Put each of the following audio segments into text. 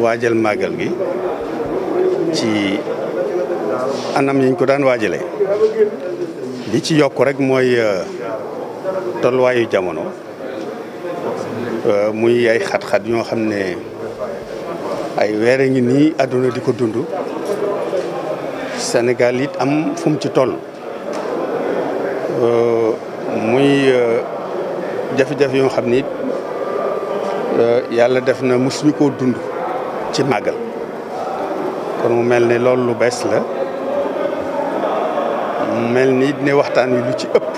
waajal màggal gi ci anam yiñ ko daan waajale li ci yokk rek mooy euh, tolluwaayu jamono euh, muy ay xat-xat yoo xam ne ay weera ngi nii àdduna di ko dund senegal it am fum ci toll euh, muy jafe-jafe yoo xam ni yàlla def na mosuñu koo dund ci màggal kon mu mel ni loolu lu bees la mel ni ne waxtaan wi lu ci ëpp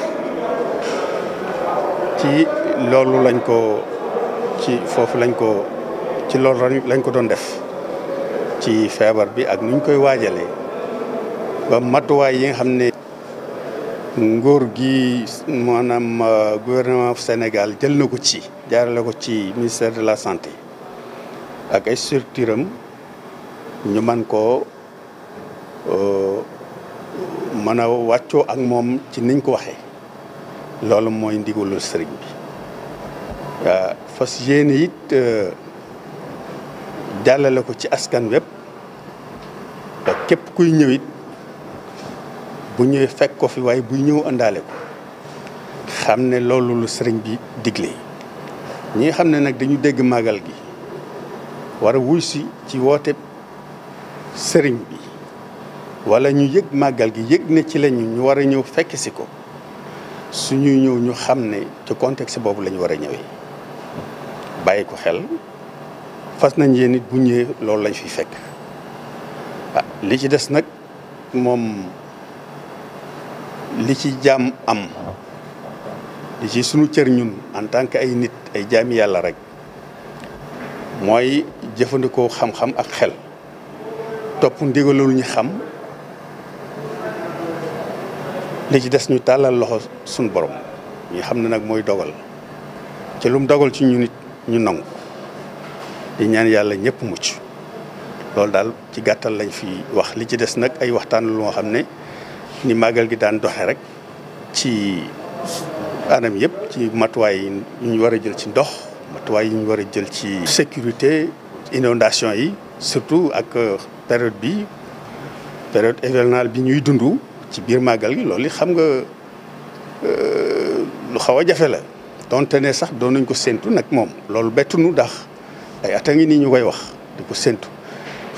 ci loolu lañ ko ci foofu lañ ko ci loolu lañ ko doon def ci feebar bi ak nuñ koy waajale ba matuwaay yi nga xam ne nguur gi maanaam euh, gouvernement Sénégal jël na ko ci jaarale ko ci ministère de la santé ak ay structure am ñu man koo euh, mën a wàccoo ak moom ci niñ ko waxee loolu mooy ndigalul sëriñ bi waaw fas yéene it euh, jàllale ko ci askan wépp képp kuy ñëw it bu ñëwee fekk ko fi waaye buy ñëw àndaale ko xam ne loolu lu sëriñ bi digle ñi nga xam ne nag dañu dégg màggal gi war wuy si ci woote sëriñ bi wala ñu yëg màggal gi yëg ne ci lañu ñu war a ñëw fekk si ko suñuy ñëw ñu xam ne ci contexte boobu lañu ñu war a ñëwee bàyyi ko xel fas nañ yéen nit bu ñëwee loolu lañu fi fekk ah, li ci des nag moom li ci jàmm am li ci suñu cër ñun en tant que ay nit ay jaami yàlla rek moy jëfëndiko xam-xam ak xel top ndigalul ñi xam li ci dess ñu talal loxo suñu borom ñi xam na nak moy dogal ci lu mu dogal ci ñu nit ñu nang di ñaan yalla ñepp mucc lool dal ci gattal lañ fi wax li ci dess nak ay waxtaan lu nga ni magal gi daan doxé rek ci anam yépp ci matuway ñu wara jël ci ndox matuwaay yi ñu war a jël ci sécurité inondation yi surtout ak euh, période bi période hivernale bi ñuy dund ci biir màggal gi loolu xam nga euh, lu xaw a jafe la donte ne sax doon nañ ko séntu nag moom loolu bettunu ndax ay at a ngi nii ñu koy wax di ko séntu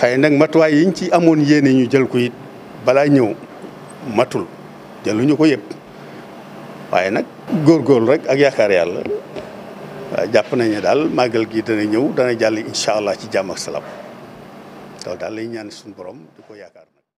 xëy nag matuwaay yiñ ci amoon yéene ñu jël ko it balaa ñëw matul jëluñu ko yëpp waaye nag góor góor rek ak yaakaar yàlla japp nañu dal magal gi dana ñew dana jall inshallah allah ci jamak ak salaam loolu daal lay ñaan suñu borom diko